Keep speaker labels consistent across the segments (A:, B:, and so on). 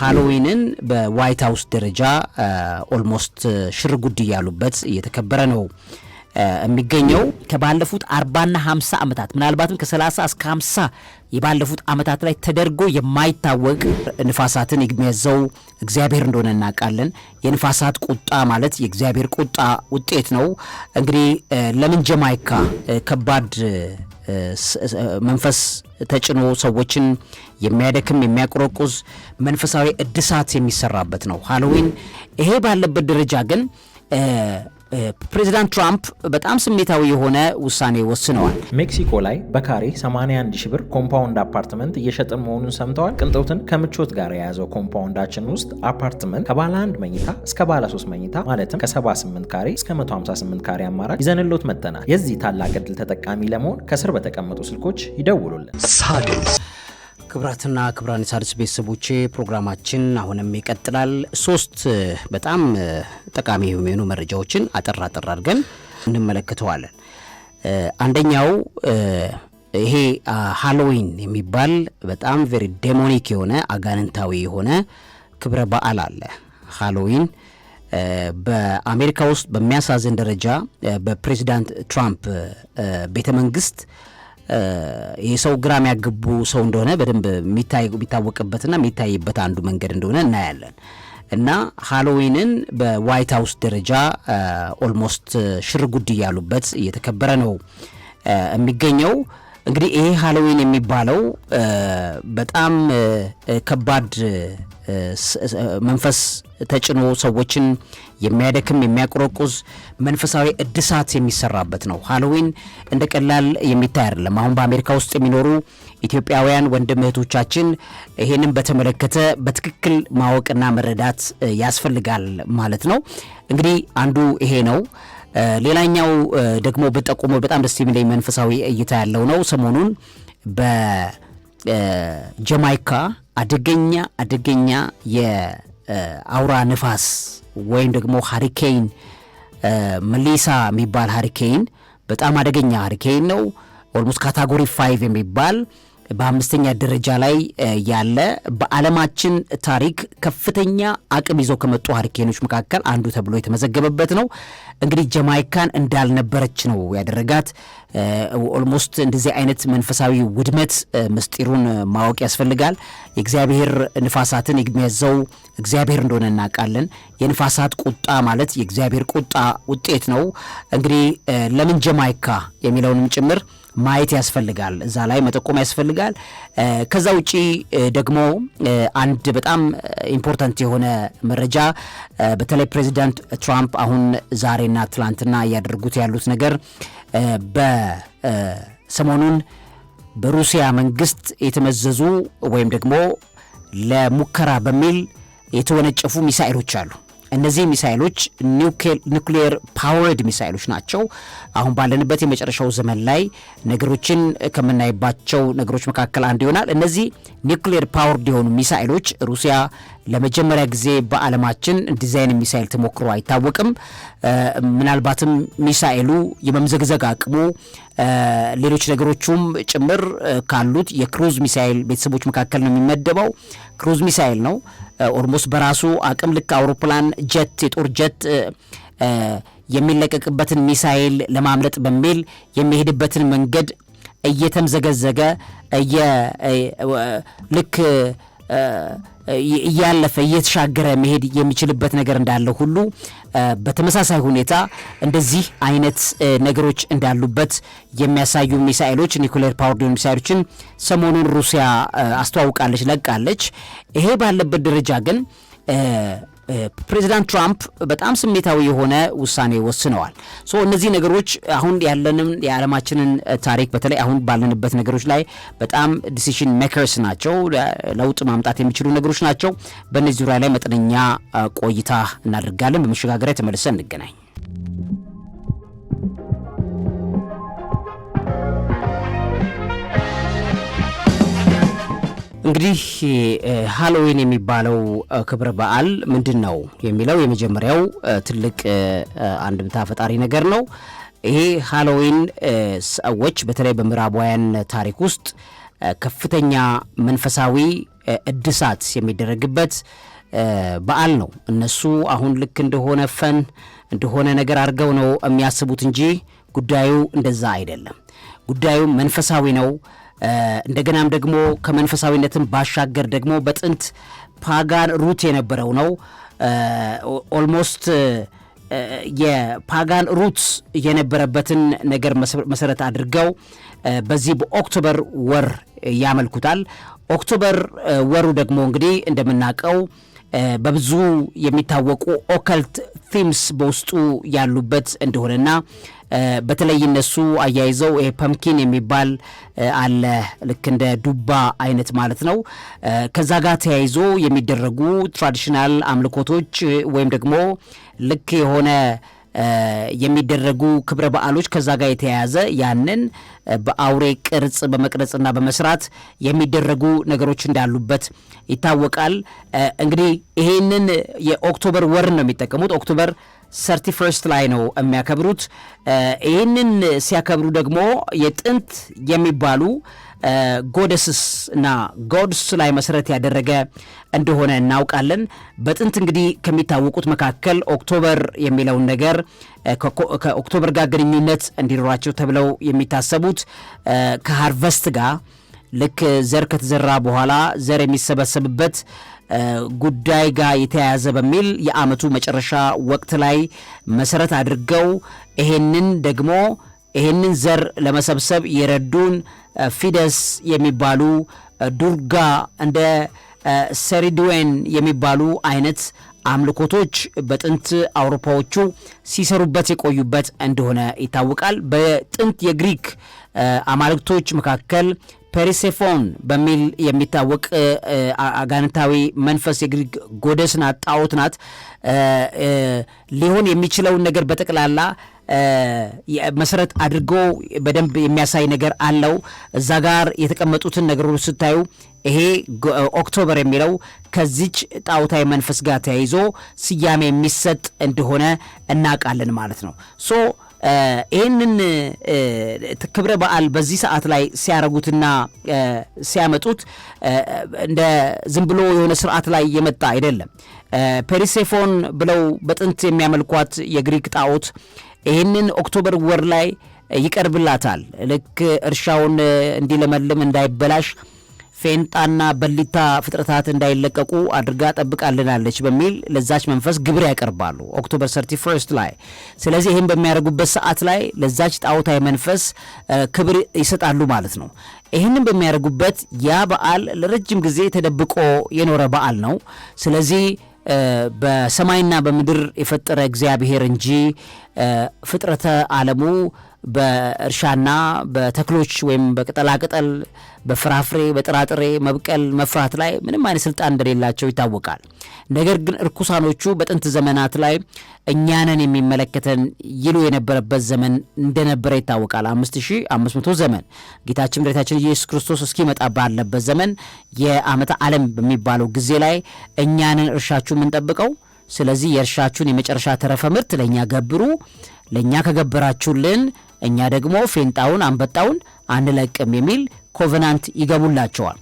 A: ሃሎዊንን በዋይት ሀውስ ደረጃ ኦልሞስት ሽር ጉድ እያሉበት እየተከበረ ነው የሚገኘው ከባለፉት አርባና ሀምሳ ዓመታት ምናልባትም ከሰላሳ እስከ ሀምሳ የባለፉት ዓመታት ላይ ተደርጎ የማይታወቅ ንፋሳትን የሚያዘው እግዚአብሔር እንደሆነ እናውቃለን። የንፋሳት ቁጣ ማለት የእግዚአብሔር ቁጣ ውጤት ነው። እንግዲህ ለምን ጀማይካ ከባድ መንፈስ ተጭኖ ሰዎችን የሚያደክም የሚያቆረቁዝ መንፈሳዊ እድሳት የሚሰራበት ነው ሃሎዊን። ይሄ ባለበት ደረጃ ግን ፕሬዚዳንት ትራምፕ በጣም ስሜታዊ የሆነ ውሳኔ ወስነዋል።
B: ሜክሲኮ ላይ በካሬ 81 ሺ ብር ኮምፓውንድ አፓርትመንት እየሸጥን መሆኑን ሰምተዋል። ቅንጦትን ከምቾት ጋር የያዘው ኮምፓውንዳችን ውስጥ አፓርትመንት ከባለ አንድ መኝታ እስከ ባለ 3 መኝታ ማለትም ከ78 ካሬ እስከ 158 ካሬ አማራጭ ይዘንሎት መጥተናል። የዚህ ታላቅ እድል ተጠቃሚ ለመሆን ከስር በተቀመጡ ስልኮች ይደውሉልን።
A: ሳድስ ክብራትና ክብራን የሣድስ ቤተሰቦቼ ፕሮግራማችን አሁንም ይቀጥላል። ሶስት በጣም ጠቃሚ የሚሆኑ መረጃዎችን አጠር አጠር አድርገን እንመለከተዋለን። አንደኛው ይሄ ሃሎዊን የሚባል በጣም ቬሪ ዴሞኒክ የሆነ አጋንንታዊ የሆነ ክብረ በዓል አለ። ሃሎዊን በአሜሪካ ውስጥ በሚያሳዝን ደረጃ በፕሬዚዳንት ትራምፕ ቤተ መንግስት የሰው ግራ የሚያግቡ ሰው እንደሆነ በደንብ የሚታወቅበትና የሚታይበት አንዱ መንገድ እንደሆነ እናያለን እና ሃሎዊንን በዋይት ሀውስ ደረጃ ኦልሞስት ሽር ጉድ እያሉበት እየተከበረ ነው የሚገኘው። እንግዲህ ይሄ ሃሎዊን የሚባለው በጣም ከባድ መንፈስ ተጭኖ ሰዎችን የሚያደክም የሚያቆረቁዝ መንፈሳዊ እድሳት የሚሰራበት ነው። ሃሎዊን እንደ ቀላል የሚታይ አይደለም። አሁን በአሜሪካ ውስጥ የሚኖሩ ኢትዮጵያውያን ወንድም እህቶቻችን ይሄንን በተመለከተ በትክክል ማወቅና መረዳት ያስፈልጋል ማለት ነው። እንግዲህ አንዱ ይሄ ነው። ሌላኛው ደግሞ ብጠቁሞ በጣም ደስ የሚለኝ መንፈሳዊ እይታ ያለው ነው። ሰሞኑን በጀማይካ አደገኛ አደገኛ የአውራ ንፋስ ወይም ደግሞ ሀሪኬን መሊሳ የሚባል ሀሪኬን በጣም አደገኛ ሀሪኬን ነው። ኦልሞስት ካታጎሪ ፋይቭ የሚባል በአምስተኛ ደረጃ ላይ ያለ በዓለማችን ታሪክ ከፍተኛ አቅም ይዘው ከመጡ ሀሪኬኖች መካከል አንዱ ተብሎ የተመዘገበበት ነው። እንግዲህ ጀማይካን እንዳልነበረች ነው ያደረጋት። ኦልሞስት እንደዚህ አይነት መንፈሳዊ ውድመት ምስጢሩን ማወቅ ያስፈልጋል። የእግዚአብሔር ንፋሳትን የሚያዘው እግዚአብሔር እንደሆነ እናውቃለን። የንፋሳት ቁጣ ማለት የእግዚአብሔር ቁጣ ውጤት ነው። እንግዲህ ለምን ጀማይካ የሚለውንም ጭምር ማየት ያስፈልጋል፣ እዛ ላይ መጠቆም ያስፈልጋል። ከዛ ውጪ ደግሞ አንድ በጣም ኢምፖርታንት የሆነ መረጃ በተለይ ፕሬዚዳንት ትራምፕ አሁን ዛሬና ትላንትና እያደረጉት ያሉት ነገር በሰሞኑን በሩሲያ መንግስት የተመዘዙ ወይም ደግሞ ለሙከራ በሚል የተወነጨፉ ሚሳኤሎች አሉ። እነዚህ ሚሳይሎች ኒውክሌር ፓወርድ ሚሳይሎች ናቸው። አሁን ባለንበት የመጨረሻው ዘመን ላይ ነገሮችን ከምናይባቸው ነገሮች መካከል አንዱ ይሆናል። እነዚህ ኒውክሌር ፓወርድ የሆኑ ሚሳይሎች ሩሲያ ለመጀመሪያ ጊዜ በዓለማችን ዲዛይን ሚሳኤል ተሞክሮ አይታወቅም። ምናልባትም ሚሳኤሉ የመምዘግዘግ አቅሙ ሌሎች ነገሮቹም ጭምር ካሉት የክሩዝ ሚሳኤል ቤተሰቦች መካከል ነው የሚመደበው። ክሩዝ ሚሳኤል ነው። ኦልሞስት በራሱ አቅም ልክ አውሮፕላን ጀት፣ የጦር ጀት የሚለቀቅበትን ሚሳኤል ለማምለጥ በሚል የሚሄድበትን መንገድ እየተምዘገዘገ ልክ እያለፈ እየተሻገረ መሄድ የሚችልበት ነገር እንዳለ ሁሉ በተመሳሳይ ሁኔታ እንደዚህ አይነት ነገሮች እንዳሉበት የሚያሳዩ ሚሳኤሎች ኒኩሌር ፓወርድ ሚሳኤሎችን ሰሞኑን ሩሲያ አስተዋውቃለች፣ ለቃለች። ይሄ ባለበት ደረጃ ግን ፕሬዚዳንት ትራምፕ በጣም ስሜታዊ የሆነ ውሳኔ ወስነዋል። ሶ እነዚህ ነገሮች አሁን ያለንም የዓለማችንን ታሪክ በተለይ አሁን ባለንበት ነገሮች ላይ በጣም ዲሲሽን ሜከርስ ናቸው፣ ለውጥ ማምጣት የሚችሉ ነገሮች ናቸው። በእነዚህ ዙሪያ ላይ መጠነኛ ቆይታ እናደርጋለን። በመሸጋገሪያ ተመልሰን እንገናኝ። እንግዲህ ሃሎዊን የሚባለው ክብረ በዓል ምንድን ነው የሚለው የመጀመሪያው ትልቅ አንድምታ ፈጣሪ ነገር ነው። ይሄ ሃሎዊን ሰዎች በተለይ በምዕራባውያን ታሪክ ውስጥ ከፍተኛ መንፈሳዊ እድሳት የሚደረግበት በዓል ነው። እነሱ አሁን ልክ እንደሆነ ፈን እንደሆነ ነገር አድርገው ነው የሚያስቡት እንጂ ጉዳዩ እንደዛ አይደለም። ጉዳዩ መንፈሳዊ ነው። እንደገናም ደግሞ ከመንፈሳዊነትን ባሻገር ደግሞ በጥንት ፓጋን ሩት የነበረው ነው። ኦልሞስት የፓጋን ሩት የነበረበትን ነገር መሰረት አድርገው በዚህ በኦክቶበር ወር ያመልኩታል። ኦክቶበር ወሩ ደግሞ እንግዲህ እንደምናውቀው በብዙ የሚታወቁ ኦከልት ፊምስ በውስጡ ያሉበት እንደሆነና በተለይ እነሱ አያይዘው ይሄ ፐምኪን የሚባል አለ፣ ልክ እንደ ዱባ አይነት ማለት ነው። ከዛ ጋር ተያይዞ የሚደረጉ ትራዲሽናል አምልኮቶች ወይም ደግሞ ልክ የሆነ የሚደረጉ ክብረ በዓሎች ከዛ ጋር የተያያዘ ያንን በአውሬ ቅርጽ በመቅረጽና በመስራት የሚደረጉ ነገሮች እንዳሉበት ይታወቃል። እንግዲህ ይሄንን የኦክቶበር ወር ነው የሚጠቀሙት ኦክቶበር ሰርቲ ፈርስት ላይ ነው የሚያከብሩት። ይህንን ሲያከብሩ ደግሞ የጥንት የሚባሉ ጎደስስ እና ጎድስ ላይ መሰረት ያደረገ እንደሆነ እናውቃለን። በጥንት እንግዲህ ከሚታወቁት መካከል ኦክቶበር የሚለውን ነገር ከኦክቶበር ጋር ግንኙነት እንዲኖራቸው ተብለው የሚታሰቡት ከሃርቨስት ጋር ልክ ዘር ከተዘራ በኋላ ዘር የሚሰበሰብበት ጉዳይ ጋር የተያያዘ በሚል የአመቱ መጨረሻ ወቅት ላይ መሰረት አድርገው ይሄንን ደግሞ ይሄንን ዘር ለመሰብሰብ የረዱን ፊደስ የሚባሉ ዱርጋ እንደ ሰሪድዌን የሚባሉ አይነት አምልኮቶች በጥንት አውሮፓዎቹ ሲሰሩበት የቆዩበት እንደሆነ ይታወቃል። በጥንት የግሪክ አማልክቶች መካከል ፐሪሴፎን በሚል የሚታወቅ አጋንንታዊ መንፈስ የግሪክ ጎደስ ናት፣ ጣዖት ናት። ሊሆን የሚችለውን ነገር በጠቅላላ መሰረት አድርጎ በደንብ የሚያሳይ ነገር አለው። እዛ ጋር የተቀመጡትን ነገሮች ስታዩ ይሄ ኦክቶበር የሚለው ከዚች ጣዖታዊ መንፈስ ጋር ተያይዞ ስያሜ የሚሰጥ እንደሆነ እናውቃለን ማለት ነው ሶ ይህንን ክብረ በዓል በዚህ ሰዓት ላይ ሲያረጉትና ሲያመጡት እንደ ዝም ብሎ የሆነ ስርዓት ላይ የመጣ አይደለም። ፔሪሴፎን ብለው በጥንት የሚያመልኳት የግሪክ ጣዖት ይህንን ኦክቶበር ወር ላይ ይቀርብላታል። ልክ እርሻውን እንዲለመልም እንዳይበላሽ ፌንጣና በሊታ ፍጥረታት እንዳይለቀቁ አድርጋ ጠብቃልናለች በሚል ለዛች መንፈስ ግብር ያቀርባሉ ኦክቶበር 31 ላይ። ስለዚህ ይህም በሚያደርጉበት ሰዓት ላይ ለዛች ጣዖታዊ መንፈስ ክብር ይሰጣሉ ማለት ነው። ይህንም በሚያደርጉበት ያ በዓል ለረጅም ጊዜ ተደብቆ የኖረ በዓል ነው። ስለዚህ በሰማይና በምድር የፈጠረ እግዚአብሔር እንጂ ፍጥረተ ዓለሙ በእርሻና በተክሎች ወይም በቅጠላቅጠል፣ በፍራፍሬ፣ በጥራጥሬ መብቀል መፍራት ላይ ምንም አይነት ስልጣን እንደሌላቸው ይታወቃል። ነገር ግን እርኩሳኖቹ በጥንት ዘመናት ላይ እኛንን የሚመለከተን ይሉ የነበረበት ዘመን እንደነበረ ይታወቃል። መቶ ዘመን ጌታችን መድኃኒታችን ኢየሱስ ክርስቶስ እስኪመጣ ባለበት ዘመን የዓመተ ዓለም በሚባለው ጊዜ ላይ እኛንን እርሻችሁ የምንጠብቀው ስለዚህ የእርሻችሁን የመጨረሻ ተረፈ ምርት ለእኛ ገብሩ፣ ለእኛ ከገበራችሁልን እኛ ደግሞ ፌንጣውን አንበጣውን አንለቅም የሚል ኮቨናንት ይገቡላቸዋል።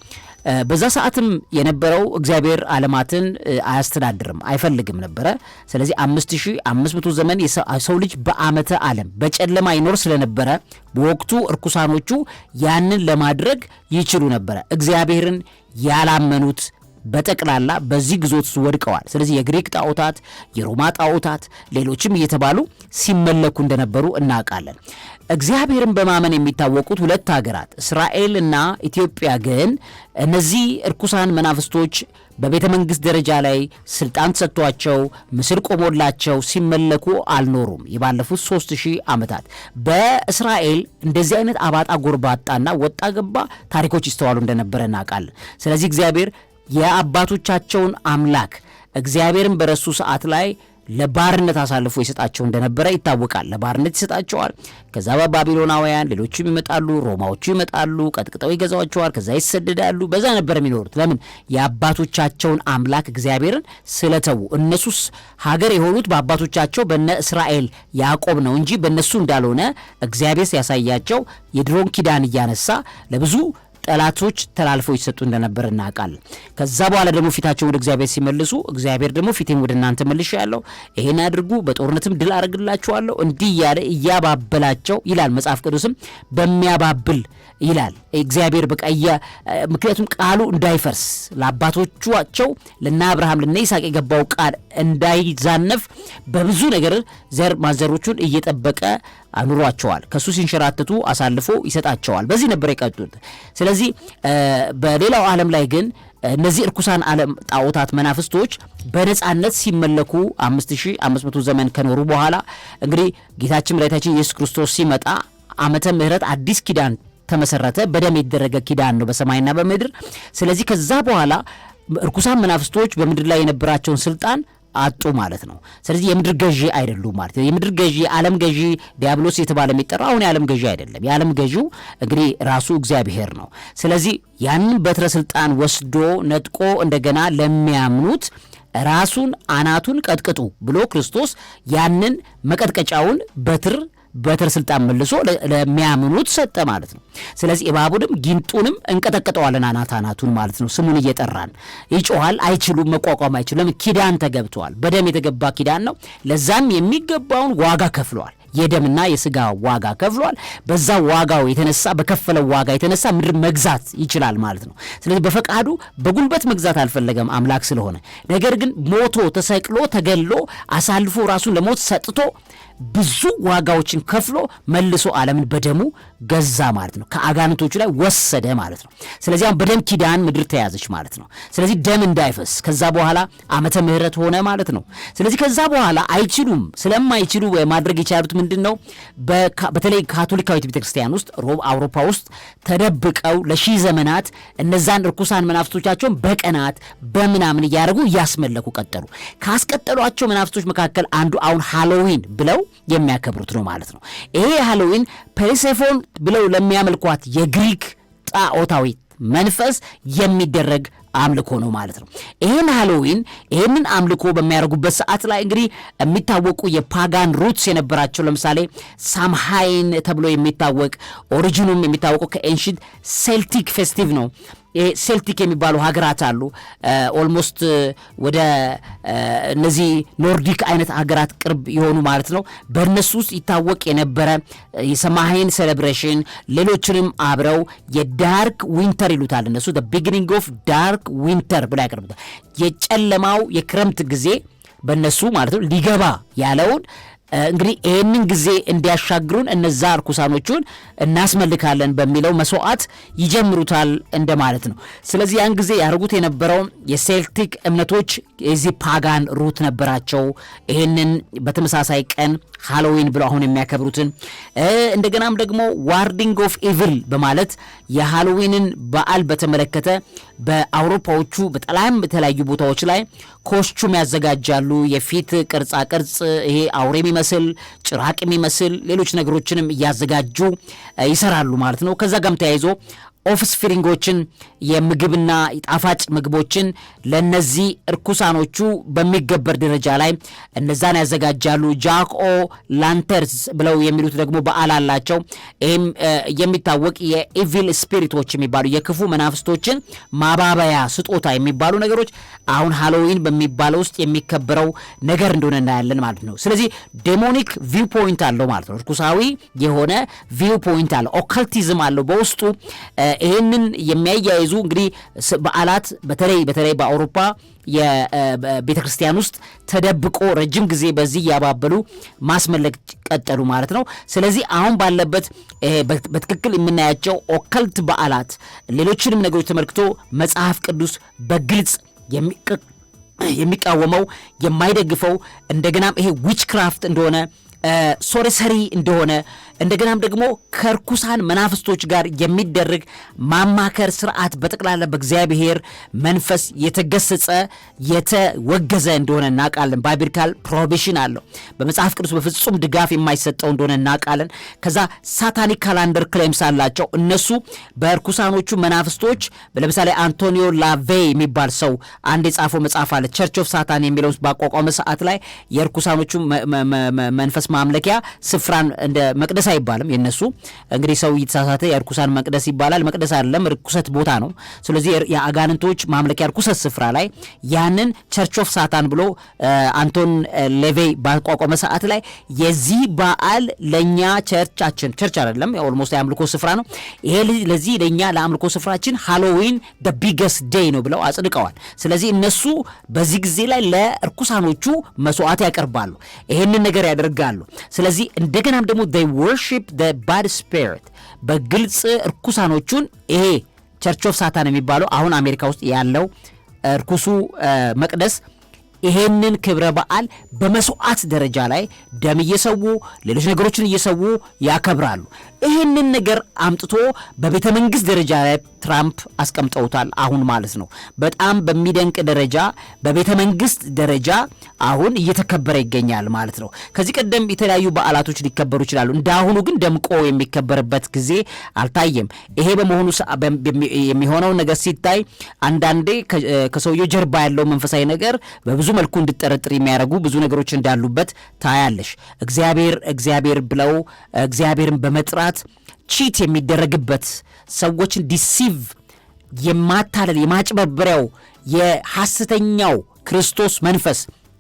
A: በዛ ሰዓትም የነበረው እግዚአብሔር ዓለማትን አያስተዳድርም አይፈልግም ነበረ። ስለዚህ 5500 ዘመን የሰው ልጅ በአመተ ዓለም በጨለማ ይኖር ስለነበረ በወቅቱ እርኩሳኖቹ ያንን ለማድረግ ይችሉ ነበረ። እግዚአብሔርን ያላመኑት በጠቅላላ በዚህ ግዞት ወድቀዋል። ስለዚህ የግሪክ ጣዖታት፣ የሮማ ጣዖታት፣ ሌሎችም እየተባሉ ሲመለኩ እንደነበሩ እናውቃለን። እግዚአብሔርን በማመን የሚታወቁት ሁለት ሀገራት እስራኤል እና ኢትዮጵያ ግን እነዚህ እርኩሳን መናፍስቶች በቤተ መንግስት ደረጃ ላይ ስልጣን ተሰጥቷቸው ምስል ቆሞላቸው ሲመለኩ አልኖሩም። የባለፉት ሶስት ሺህ ዓመታት በእስራኤል እንደዚህ አይነት አባጣ ጎርባጣና ወጣ ገባ ታሪኮች ይስተዋሉ እንደነበረ እናውቃለን። ስለዚህ እግዚአብሔር የአባቶቻቸውን አምላክ እግዚአብሔርን በረሱ ሰዓት ላይ ለባርነት አሳልፎ ይሰጣቸው እንደነበረ ይታወቃል። ለባርነት ይሰጣቸዋል። ከዛ በባቢሎናውያን ሌሎችም ይመጣሉ፣ ሮማዎቹ ይመጣሉ፣ ቀጥቅጠው ይገዛቸዋል። ከዛ ይሰደዳሉ። በዛ ነበር የሚኖሩት። ለምን? የአባቶቻቸውን አምላክ እግዚአብሔርን ስለተዉ። እነሱስ ሀገር የሆኑት በአባቶቻቸው በነ እስራኤል ያዕቆብ ነው እንጂ በእነሱ እንዳልሆነ እግዚአብሔር ሲያሳያቸው የድሮን ኪዳን እያነሳ ለብዙ ጠላቶች ተላልፈው ይሰጡ እንደነበር እናውቃለን። ከዛ በኋላ ደግሞ ፊታቸው ወደ እግዚአብሔር ሲመልሱ እግዚአብሔር ደግሞ ፊቴም ወደ እናንተ መልሼ ያለው ይሄን አድርጉ፣ በጦርነትም ድል አደርግላችኋለሁ እንዲህ እያለ እያባበላቸው ይላል መጽሐፍ ቅዱስም በሚያባብል ይላል እግዚአብሔር በቃ ምክንያቱም ቃሉ እንዳይፈርስ ለአባቶቻቸው ለነ አብርሃም ለነ ይስሐቅ የገባው ቃል እንዳይዛነፍ በብዙ ነገር ዘር ማዘሮቹን እየጠበቀ አኑሯቸዋል። ከሱ ሲንሸራተቱ አሳልፎ ይሰጣቸዋል። በዚህ ነበር የቀጡት። ስለዚህ በሌላው ዓለም ላይ ግን እነዚህ እርኩሳን ዓለም ጣዖታት መናፍስቶች በነጻነት ሲመለኩ 5500 ዘመን ከኖሩ በኋላ እንግዲህ ጌታችን መድኃኒታችን ኢየሱስ ክርስቶስ ሲመጣ ዓመተ ምሕረት አዲስ ኪዳን ተመሰረተ። በደም የተደረገ ኪዳን ነው በሰማይና በምድር። ስለዚህ ከዛ በኋላ እርኩሳን መናፍስቶች በምድር ላይ የነበራቸውን ስልጣን አጡ ማለት ነው። ስለዚህ የምድር ገዢ አይደሉም ማለት ነው። የምድር ገዢ ዓለም ገዢ ዲያብሎስ የተባለ የሚጠራው አሁን የዓለም ገዢ አይደለም። የዓለም ገዢው እንግዲህ ራሱ እግዚአብሔር ነው። ስለዚህ ያንን በትረ ስልጣን ወስዶ ነጥቆ እንደገና ለሚያምኑት ራሱን አናቱን ቀጥቅጡ ብሎ ክርስቶስ ያንን መቀጥቀጫውን በትር በትር ስልጣን መልሶ ለሚያምኑት ሰጠ ማለት ነው። ስለዚህ እባቡንም ጊንጡንም እንቀጠቅጠዋለን አናት አናቱን ማለት ነው። ስሙን እየጠራን ይጮኋል። አይችሉም፣ መቋቋም አይችሉም። ለምን? ኪዳን ተገብተዋል። በደም የተገባ ኪዳን ነው። ለዛም የሚገባውን ዋጋ ከፍለዋል። የደምና የስጋ ዋጋ ከፍሏል። በዛ ዋጋው የተነሳ በከፈለው ዋጋ የተነሳ ምድር መግዛት ይችላል ማለት ነው። ስለዚህ በፈቃዱ በጉልበት መግዛት አልፈለገም አምላክ ስለሆነ፣ ነገር ግን ሞቶ ተሰቅሎ ተገሎ አሳልፎ ራሱን ለሞት ሰጥቶ ብዙ ዋጋዎችን ከፍሎ መልሶ ዓለምን በደሙ ገዛ ማለት ነው። ከአጋንንቶቹ ላይ ወሰደ ማለት ነው። ስለዚህ አሁን በደም ኪዳን ምድር ተያዘች ማለት ነው። ስለዚህ ደም እንዳይፈስ ከዛ በኋላ ዓመተ ምሕረት ሆነ ማለት ነው። ስለዚህ ከዛ በኋላ አይችሉም ስለማይችሉ ማድረግ የቻሉት ምን ምንድን ነው? በተለይ ካቶሊካዊት ቤተክርስቲያን ውስጥ አውሮፓ ውስጥ ተደብቀው ለሺህ ዘመናት እነዛን እርኩሳን መናፍስቶቻቸውን በቀናት በምናምን እያደረጉ እያስመለኩ ቀጠሉ። ካስቀጠሏቸው መናፍስቶች መካከል አንዱ አሁን ሃሎዊን ብለው የሚያከብሩት ነው ማለት ነው። ይሄ ሃሎዊን ፐሪሴፎን ብለው ለሚያመልኳት የግሪክ ጣኦታዊት መንፈስ የሚደረግ አምልኮ ነው ማለት ነው። ይህን ሃሎዊን ይህንን አምልኮ በሚያደርጉበት ሰዓት ላይ እንግዲህ የሚታወቁ የፓጋን ሩትስ የነበራቸው ለምሳሌ ሳምሃይን ተብሎ የሚታወቅ ኦሪጂኑም የሚታወቀው ከኤንሽንት ሴልቲክ ፌስቲቭ ነው ይሄ ሴልቲክ የሚባሉ ሀገራት አሉ። ኦልሞስት ወደ እነዚህ ኖርዲክ አይነት ሀገራት ቅርብ የሆኑ ማለት ነው። በእነሱ ውስጥ ይታወቅ የነበረ የሰማይን ሴሌብሬሽን፣ ሌሎችንም አብረው የዳርክ ዊንተር ይሉታል እነሱ ቢግኒንግ ኦፍ ዳርክ ዊንተር ብላ ያቀርቡታል። የጨለማው የክረምት ጊዜ በእነሱ ማለት ነው ሊገባ ያለውን እንግዲህ ይህንን ጊዜ እንዲያሻግሩን እነዛ እርኩሳኖቹን እናስመልካለን በሚለው መስዋዕት ይጀምሩታል እንደማለት ነው። ስለዚህ ያን ጊዜ ያደርጉት የነበረው የሴልቲክ እምነቶች የዚህ ፓጋን ሩት ነበራቸው። ይህንን በተመሳሳይ ቀን ሃሎዊን ብለው አሁን የሚያከብሩትን እንደገናም ደግሞ ዋርዲንግ ኦፍ ኢቪል በማለት የሃሎዊንን በዓል በተመለከተ በአውሮፓዎቹ በጣም የተለያዩ ቦታዎች ላይ ኮስቹም ያዘጋጃሉ። የፊት ቅርጻ ቅርጽ ይሄ አውሬ የሚመስል ጭራቅ የሚመስል ሌሎች ነገሮችንም እያዘጋጁ ይሰራሉ ማለት ነው። ከዛ ጋም ተያይዞ ፊሪንጎችን የምግብና ጣፋጭ ምግቦችን ለነዚህ እርኩሳኖቹ በሚገበር ደረጃ ላይ እነዛን ያዘጋጃሉ። ጃክኦ ላንተርስ ብለው የሚሉት ደግሞ በዓል አላቸው። ይህም የሚታወቅ የኢቪል ስፒሪቶች የሚባሉ የክፉ መናፍስቶችን ማባበያ ስጦታ የሚባሉ ነገሮች አሁን ሃሎዊን በሚባለው ውስጥ የሚከበረው ነገር እንደሆነ እናያለን ማለት ነው። ስለዚህ ዴሞኒክ ቪው ፖይንት አለው ማለት ነው። እርኩሳዊ የሆነ ቪው ፖይንት አለው፣ ኦካልቲዝም አለው በውስጡ ይህንን የሚያያይዙ እንግዲህ በዓላት በተለይ በተለይ በአውሮፓ የቤተ ክርስቲያን ውስጥ ተደብቆ ረጅም ጊዜ በዚህ እያባበሉ ማስመለክ ቀጠሉ ማለት ነው። ስለዚህ አሁን ባለበት በትክክል የምናያቸው ኦከልት በዓላት፣ ሌሎችንም ነገሮች ተመልክቶ መጽሐፍ ቅዱስ በግልጽ የሚቃወመው የማይደግፈው እንደገናም ይሄ ዊችክራፍት እንደሆነ ሶሪሰሪ እንደሆነ እንደገናም ደግሞ ከርኩሳን መናፍስቶች ጋር የሚደረግ ማማከር ስርዓት በጠቅላላ በእግዚአብሔር መንፈስ የተገሰጸ የተወገዘ እንደሆነ እናውቃለን። ባይብሊካል ፕሮቢሽን አለው። በመጽሐፍ ቅዱስ በፍጹም ድጋፍ የማይሰጠው እንደሆነ እናውቃለን። ከዛ ሳታኒክ ካላንደር ክሌምስ አላቸው። እነሱ በርኩሳኖቹ መናፍስቶች ለምሳሌ አንቶኒዮ ላቬይ የሚባል ሰው አንድ የጻፈው መጽሐፍ አለ ቸርች ኦፍ ሳታን የሚለውን ባቋቋመ ሰዓት ላይ የርኩሳኖቹ መንፈስ መቅደስ ማምለኪያ ስፍራን እንደ መቅደስ አይባልም። የነሱ እንግዲህ ሰው እየተሳሳተ የእርኩሳን መቅደስ ይባላል። መቅደስ አይደለም፣ ርኩሰት ቦታ ነው። ስለዚህ የአጋንንቶች ማምለኪያ ርኩሰት ስፍራ ላይ ያንን ቸርች ኦፍ ሳታን ብሎ አንቶን ሌቬ ባቋቋመ ሰዓት ላይ የዚህ በዓል ለእኛ ቸርቻችን ቸርች አይደለም፣ ኦልሞስት የአምልኮ ስፍራ ነው። ይሄ ለዚህ ለእኛ ለአምልኮ ስፍራችን ሃሎዊን ደ ቢገስት ዴይ ነው ብለው አጽድቀዋል። ስለዚህ እነሱ በዚህ ጊዜ ላይ ለእርኩሳኖቹ መስዋዕት ያቀርባሉ። ይሄንን ነገር ያደርጋሉ። ያመልካሉ። ስለዚህ እንደገናም ደግሞ ዴይ ወርሺፕ ዘ ባድ ስፒሪት በግልጽ እርኩሳኖቹን ይሄ ቸርች ኦፍ ሳታን የሚባለው አሁን አሜሪካ ውስጥ ያለው እርኩሱ መቅደስ ይሄንን ክብረ በዓል በመስዋዕት ደረጃ ላይ ደም እየሰዉ ሌሎች ነገሮችን እየሰዉ ያከብራሉ። ይሄንን ነገር አምጥቶ በቤተ መንግስት ደረጃ ላይ ትራምፕ አስቀምጠውታል። አሁን ማለት ነው። በጣም በሚደንቅ ደረጃ በቤተ መንግስት ደረጃ አሁን እየተከበረ ይገኛል ማለት ነው። ከዚህ ቀደም የተለያዩ በዓላቶች ሊከበሩ ይችላሉ። እንደ አሁኑ ግን ደምቆ የሚከበርበት ጊዜ አልታየም። ይሄ በመሆኑ የሚሆነው ነገር ሲታይ አንዳንዴ ከሰውየው ጀርባ ያለው መንፈሳዊ ነገር በብዙ መልኩ እንድጠረጥር የሚያደርጉ ብዙ ነገሮች እንዳሉበት ታያለሽ። እግዚአብሔር እግዚአብሔር ብለው እግዚአብሔርን በመጥራት ቺት የሚደረግበት ሰዎችን ዲሲቭ የማታለል የማጭበርበሪያው የሐሰተኛው ክርስቶስ መንፈስ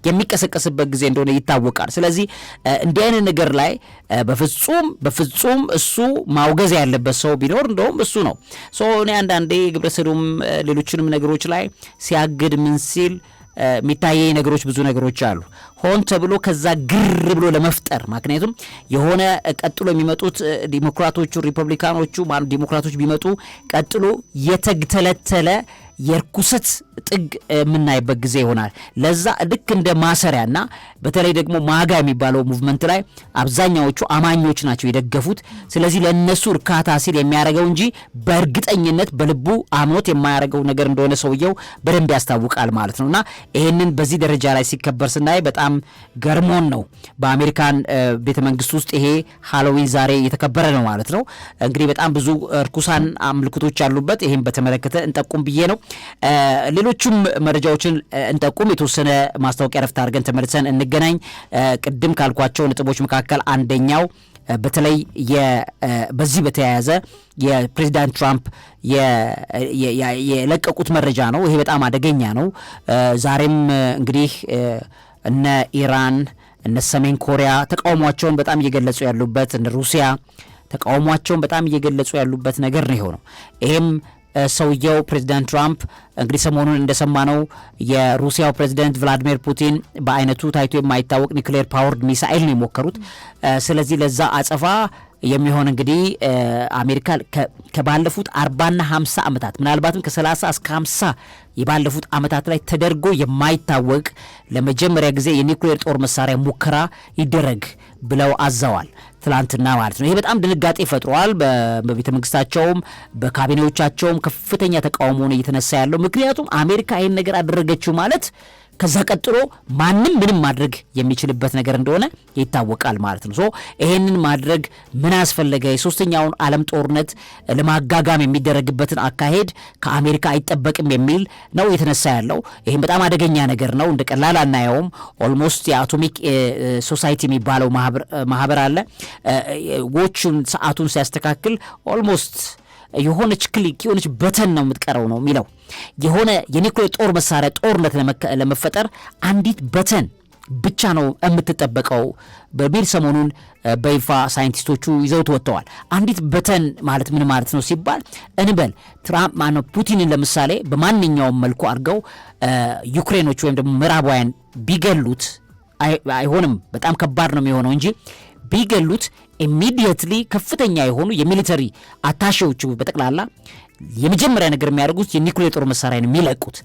A: የሚቀሰቀስበት ጊዜ እንደሆነ ይታወቃል። ስለዚህ እንዲህ አይነት ነገር ላይ በፍጹም በፍጹም እሱ ማውገዝ ያለበት ሰው ቢኖር እንደውም እሱ ነው። እኔ አንዳንዴ ግብረ ሌሎችንም ነገሮች ላይ ሲያግድ ምን ሲል የሚታየኝ ነገሮች ብዙ ነገሮች አሉ። ሆን ተብሎ ከዛ ግር ብሎ ለመፍጠር ምክንያቱም የሆነ ቀጥሎ የሚመጡት ዲሞክራቶቹ ሪፐብሊካኖቹ ዲሞክራቶች ቢመጡ ቀጥሎ የተግተለተለ የርኩሰት ጥግ የምናይበት ጊዜ ይሆናል። ለዛ ልክ እንደ ማሰሪያና በተለይ ደግሞ ማጋ የሚባለው ሙቭመንት ላይ አብዛኛዎቹ አማኞች ናቸው የደገፉት። ስለዚህ ለእነሱ እርካታ ሲል የሚያደርገው እንጂ በእርግጠኝነት በልቡ አምኖት የማያደርገው ነገር እንደሆነ ሰውየው በደንብ ያስታውቃል ማለት ነው እና ይህንን በዚህ ደረጃ ላይ ሲከበር ስናይ በጣም ገርሞን ነው። በአሜሪካን ቤተ መንግስት ውስጥ ይሄ ሃሎዊን ዛሬ የተከበረ ነው ማለት ነው። እንግዲህ በጣም ብዙ እርኩሳን አምልክቶች አሉበት ይህም በተመለከተ እንጠቁም ብዬ ነው። ሌሎቹም መረጃዎችን እንጠቁም። የተወሰነ ማስታወቂያ ረፍት አድርገን ተመልሰን እንገናኝ። ቅድም ካልኳቸው ነጥቦች መካከል አንደኛው በተለይ በዚህ በተያያዘ የፕሬዚዳንት ትራምፕ የለቀቁት መረጃ ነው። ይሄ በጣም አደገኛ ነው። ዛሬም እንግዲህ እነ ኢራን እነ ሰሜን ኮሪያ ተቃውሟቸውን በጣም እየገለጹ ያሉበት እነ ሩሲያ ተቃውሟቸውን በጣም እየገለጹ ያሉበት ነገር ነው የሆነው። ይሄም ሰውየው ፕሬዚዳንት ትራምፕ እንግዲህ ሰሞኑን እንደሰማ ነው የሩሲያው ፕሬዚደንት ቭላዲሚር ፑቲን በአይነቱ ታይቶ የማይታወቅ ኒክሌር ፓወርድ ሚሳኤል ነው የሞከሩት። ስለዚህ ለዛ አጸፋ የሚሆን እንግዲህ አሜሪካ ከባለፉት አርባና ሀምሳ ዓመታት ምናልባትም ከሰላሳ እስከ ሀምሳ የባለፉት ዓመታት ላይ ተደርጎ የማይታወቅ ለመጀመሪያ ጊዜ የኒክሌር ጦር መሳሪያ ሙከራ ይደረግ ብለው አዘዋል። ትላንትና ማለት ነው። ይሄ በጣም ድንጋጤ ፈጥሯል። በቤተ መንግስታቸውም በካቢኔዎቻቸውም ከፍተኛ ተቃውሞ ሆነ እየተነሳ ያለው። ምክንያቱም አሜሪካ ይህን ነገር አደረገችው ማለት ከዛ ቀጥሎ ማንም ምንም ማድረግ የሚችልበት ነገር እንደሆነ ይታወቃል ማለት ነው። ሶ ይሄንን ማድረግ ምን አስፈለገ? የሶስተኛውን ዓለም ጦርነት ለማጋጋም የሚደረግበትን አካሄድ ከአሜሪካ አይጠበቅም የሚል ነው የተነሳ ያለው። ይህም በጣም አደገኛ ነገር ነው። እንደ ቀላል አናየውም። ኦልሞስት የአቶሚክ ሶሳይቲ የሚባለው ማህበር አለ። ዎቹን ሰዓቱን ሲያስተካክል ኦልሞስት የሆነች ክሊክ የሆነች በተን ነው የምትቀረው ነው የሚለው የሆነ የኒውክሌር ጦር መሳሪያ ጦርነት ለመፈጠር አንዲት በተን ብቻ ነው የምትጠበቀው በሚል ሰሞኑን በይፋ ሳይንቲስቶቹ ይዘውት ወጥተዋል። አንዲት በተን ማለት ምን ማለት ነው ሲባል እንበል ትራምፕ ማነው ፑቲንን ለምሳሌ በማንኛውም መልኩ አድርገው ዩክሬኖች ወይም ደግሞ ምዕራባውያን ቢገሉት አይሆንም፣ በጣም ከባድ ነው የሚሆነው እንጂ ቢገሉት ኢሚዲየትሊ ከፍተኛ የሆኑ የሚሊተሪ አታሼዎቹ በጠቅላላ የመጀመሪያ ነገር የሚያደርጉት የኒኩሌር ጦር መሳሪያ ነው የሚለቁት።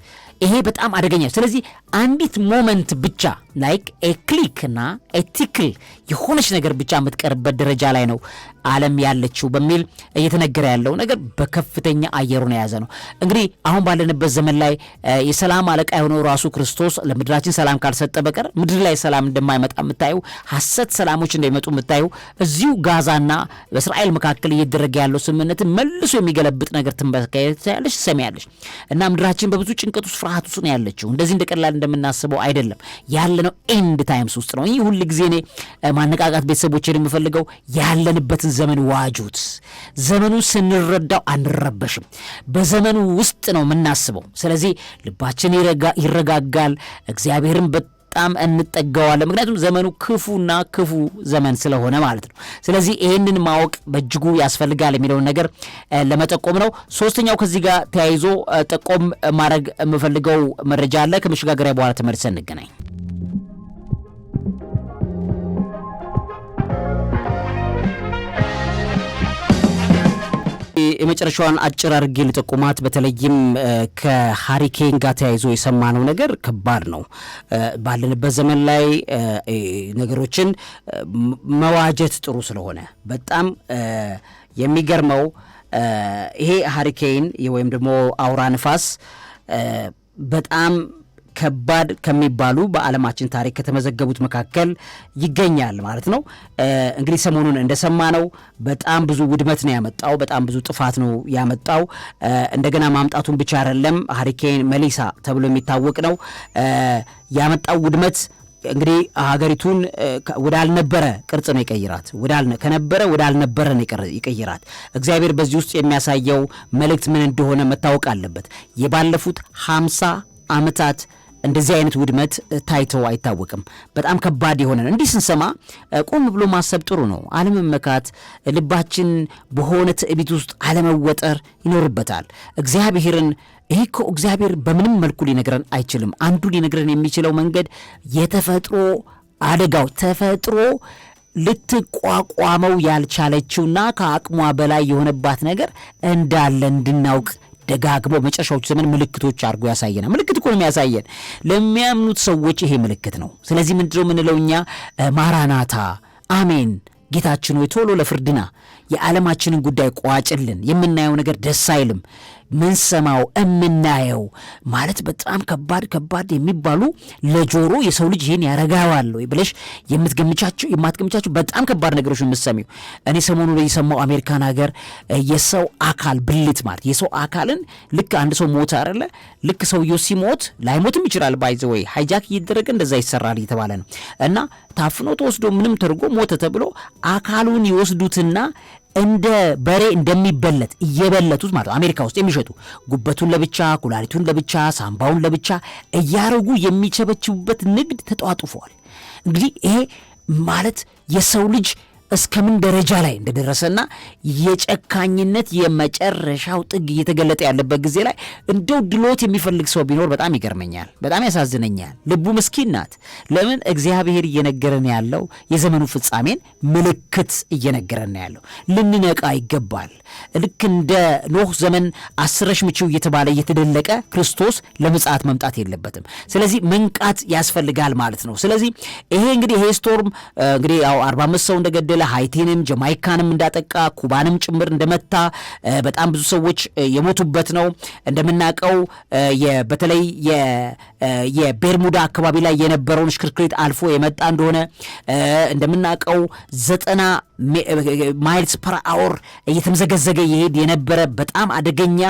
A: ይሄ በጣም አደገኛ። ስለዚህ አንዲት ሞመንት ብቻ ላይክ ኤክሊክ እና ኤቲክል የሆነች ነገር ብቻ የምትቀርበት ደረጃ ላይ ነው ዓለም ያለችው በሚል እየተነገረ ያለው ነገር በከፍተኛ አየሩን የያዘ ነው። እንግዲህ አሁን ባለንበት ዘመን ላይ የሰላም አለቃ የሆነው ራሱ ክርስቶስ ለምድራችን ሰላም ካልሰጠ በቀር ምድር ላይ ሰላም እንደማይመጣ የምታየው ሐሰት ሰላሞች እንደሚመጡ የምታየው እዚህ በዚሁ ጋዛና በእስራኤል መካከል እየደረገ ያለው ስምምነትን መልሶ የሚገለብጥ ነገር ትንበካያለች፣ ትሰሚያለች እና ምድራችን በብዙ ጭንቀት ውስጥ፣ ፍርሃት ውስጥ ነው ያለችው። እንደዚህ ቀላል እንደምናስበው አይደለም ያለነው። ኤንድ ታይምስ ውስጥ ነው። ይህ ሁል ጊዜ እኔ ማነቃቃት ቤተሰቦችን የምፈልገው ያለንበትን ዘመን ዋጁት። ዘመኑ ስንረዳው አንረበሽም። በዘመኑ ውስጥ ነው የምናስበው። ስለዚህ ልባችን ይረጋጋል። እግዚአብሔርን በጣም እንጠገዋለን። ምክንያቱም ዘመኑ ክፉና ክፉ ዘመን ስለሆነ ማለት ነው። ስለዚህ ይህንን ማወቅ በእጅጉ ያስፈልጋል የሚለውን ነገር ለመጠቆም ነው። ሶስተኛው ከዚህ ጋር ተያይዞ ጠቆም ማድረግ የምፈልገው መረጃ አለ። ከመሸጋገሪያ በኋላ ተመልሰን እንገናኝ። የመጨረሻዋን አጭር አድርጌ ልጠቁማት። በተለይም ከሀሪኬን ጋር ተያይዞ የሰማነው ነገር ከባድ ነው። ባለንበት ዘመን ላይ ነገሮችን መዋጀት ጥሩ ስለሆነ በጣም የሚገርመው ይሄ ሀሪኬን ወይም ደግሞ አውራ ንፋስ በጣም ከባድ ከሚባሉ በዓለማችን ታሪክ ከተመዘገቡት መካከል ይገኛል ማለት ነው። እንግዲህ ሰሞኑን እንደሰማነው በጣም ብዙ ውድመት ነው ያመጣው፣ በጣም ብዙ ጥፋት ነው ያመጣው። እንደገና ማምጣቱን ብቻ አይደለም፣ ሀሪኬን መሊሳ ተብሎ የሚታወቅ ነው ያመጣው ውድመት እንግዲህ ሀገሪቱን ወዳልነበረ ቅርጽ ነው ይቀይራት ከነበረ ወዳልነበረ ነው ይቀይራት። እግዚአብሔር በዚህ ውስጥ የሚያሳየው መልእክት ምን እንደሆነ መታወቅ አለበት። የባለፉት ሀምሳ ዓመታት እንደዚህ አይነት ውድመት ታይቶ አይታወቅም። በጣም ከባድ የሆነ ነው። እንዲህ ስንሰማ ቆም ብሎ ማሰብ ጥሩ ነው። አለመመካት፣ ልባችን በሆነ ትዕቢት ውስጥ አለመወጠር ይኖርበታል። እግዚአብሔርን ይህ እኮ እግዚአብሔር በምንም መልኩ ሊነግረን አይችልም። አንዱ ሊነግረን የሚችለው መንገድ የተፈጥሮ አደጋዎች ተፈጥሮ ልትቋቋመው ያልቻለችውና ከአቅሟ በላይ የሆነባት ነገር እንዳለ እንድናውቅ ደጋግሞ መጨረሻዎቹ ዘመን ምልክቶች አድርጎ ያሳየናል። ምልክት እኮ ነው የሚያሳየን ለሚያምኑት ሰዎች ይሄ ምልክት ነው። ስለዚህ ምንድነው የምንለው እኛ ማራናታ፣ አሜን፣ ጌታችን ሆይ ቶሎ ለፍርድና፣ የዓለማችንን ጉዳይ ቋጭልን፣ የምናየው ነገር ደስ አይልም ምንሰማው እምናየው ማለት በጣም ከባድ ከባድ የሚባሉ ለጆሮ የሰው ልጅ ይህን ያረጋዋል ወይ ብለሽ የምትገምቻቸው የማትገምቻቸው በጣም ከባድ ነገሮች የምትሰሚው። እኔ ሰሞኑ ላይ የሰማው አሜሪካን ሀገር የሰው አካል ብልት ማለት የሰው አካልን ልክ አንድ ሰው ሞት አይደለ ልክ ሰውየው ሲሞት ላይሞትም ይችላል ባይዘ ወይ ሃይጃክ እየደረገ እንደዛ ይሰራል እየተባለ ነው እና ታፍኖ ተወስዶ ምንም ተደርጎ ሞተ ተብሎ አካሉን ይወስዱትና እንደ በሬ እንደሚበለት እየበለቱት ማለት አሜሪካ ውስጥ የሚሸጡ ጉበቱን ለብቻ፣ ኩላሊቱን ለብቻ፣ ሳምባውን ለብቻ እያረጉ የሚቸበችቡበት ንግድ ተጧጡፈዋል። እንግዲህ ይሄ ማለት የሰው ልጅ እስከምን ደረጃ ላይ እንደደረሰና የጨካኝነት የመጨረሻው ጥግ እየተገለጠ ያለበት ጊዜ ላይ እንደው ድሎት የሚፈልግ ሰው ቢኖር በጣም ይገርመኛል፣ በጣም ያሳዝነኛል። ልቡ ምስኪን ናት። ለምን እግዚአብሔር እየነገረን ያለው የዘመኑ ፍጻሜን ምልክት እየነገረን ያለው ልንነቃ ይገባል። ልክ እንደ ኖህ ዘመን አስረሽ ምችው እየተባለ እየተደለቀ ክርስቶስ ለምጽአት መምጣት የለበትም። ስለዚህ መንቃት ያስፈልጋል ማለት ነው። ስለዚህ ይሄ እንግዲህ ይሄ ስቶርም እንግዲህ ያው 45 ሰው እንደገደለ እንደገደለ ሀይቲንም ጀማይካንም እንዳጠቃ ኩባንም ጭምር እንደመታ በጣም ብዙ ሰዎች የሞቱበት ነው። እንደምናውቀው በተለይ የቤርሙዳ አካባቢ ላይ የነበረውን ሽክርክሪት አልፎ የመጣ እንደሆነ እንደምናውቀው ዘጠና ማይልስ ፐር አወር እየተምዘገዘገ የሄድ የነበረ በጣም አደገኛ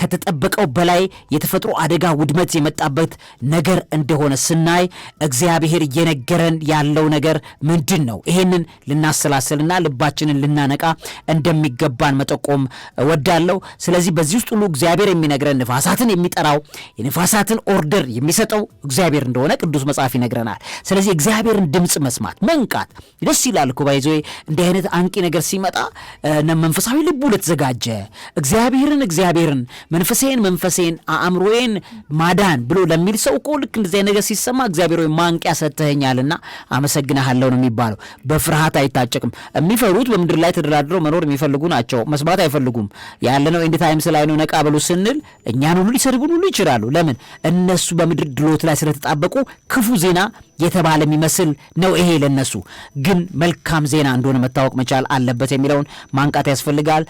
A: ከተጠበቀው በላይ የተፈጥሮ አደጋ ውድመት የመጣበት ነገር እንደሆነ ስናይ እግዚአብሔር እየነገረን ያለው ነገር ምንድን ነው? ይሄንን ልናሰላስልና ልባችንን ልናነቃ እንደሚገባን መጠቆም እወዳለሁ። ስለዚህ በዚህ ውስጥ ሁሉ እግዚአብሔር የሚነግረን ንፋሳትን የሚጠራው የንፋሳትን ኦርደር የሚሰጠው እግዚአብሔር እንደሆነ ቅዱስ መጽሐፍ ይነግረናል። ስለዚህ እግዚአብሔርን ድምፅ መስማት መንቃት ደስ ይላል ኩባይዞ እንዲህ አይነት አንቂ ነገር ሲመጣ መንፈሳዊ ልቡ ለተዘጋጀ እግዚአብሔርን እግዚአብሔርን መንፈሴን መንፈሴን አእምሮዬን ማዳን ብሎ ለሚል ሰው እኮ ልክ እንደዚህ ነገር ሲሰማ እግዚአብሔር ማንቂያ ሰጥተኸኛልና አመሰግናሃለሁ ነው የሚባለው። በፍርሃት አይታጨቅም። የሚፈሩት በምድር ላይ ተደራድረው መኖር የሚፈልጉ ናቸው። መስማት አይፈልጉም። ያለነው ኤንድ ታይም ስላይ ነው። ነቃ በሉ ስንል እኛን ሁሉ ሊሰድቡን ሁሉ ይችላሉ። ለምን? እነሱ በምድር ድሎት ላይ ስለተጣበቁ ክፉ ዜና የተባለ የሚመስል ነው። ይሄ ለነሱ ግን መልካም ዜና እንደሆነ መታወቅ መቻል አለበት የሚለውን ማንቃት ያስፈልጋል።